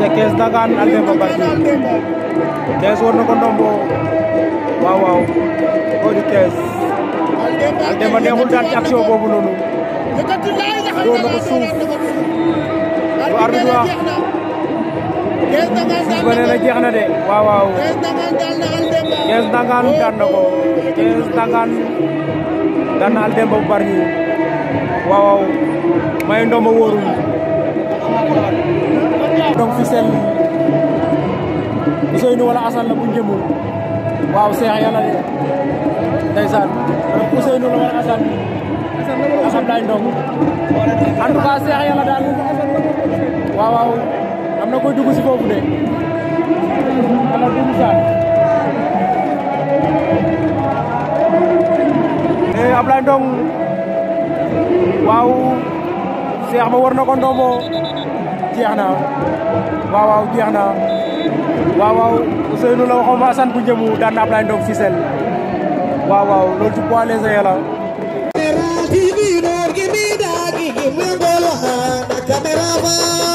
ca Kees Ndagane Albin Bambara Kees war na ko ndombo waaw waaw koo di Kees Albin neexul daal ci boobu noonu door na ko suuf lu arbitre wax suuf ba nee na jeex na de waaw Kees Ndagane daan na Kees Ndagane oh. daan na Albin Bambara waaw waaw donc fi seen Ousseynou wala Assane la bu ñu jëmul waaw Cheikh yàlla de ndeysaan donc Ousseynou la wala Assane Assane laay ndong en tout cas Cheikh yàlla daal waaw am na koy dugg si foofu de ala dugg saa Cheikh ma war na ko ndombo jeex na waaw waaw na waaw waaw la waxoon ma Assane bu njëmu daan na Ablaye Ndong Fissel waaw waaw loolu ci poids léger ya la Camera TV no give me that give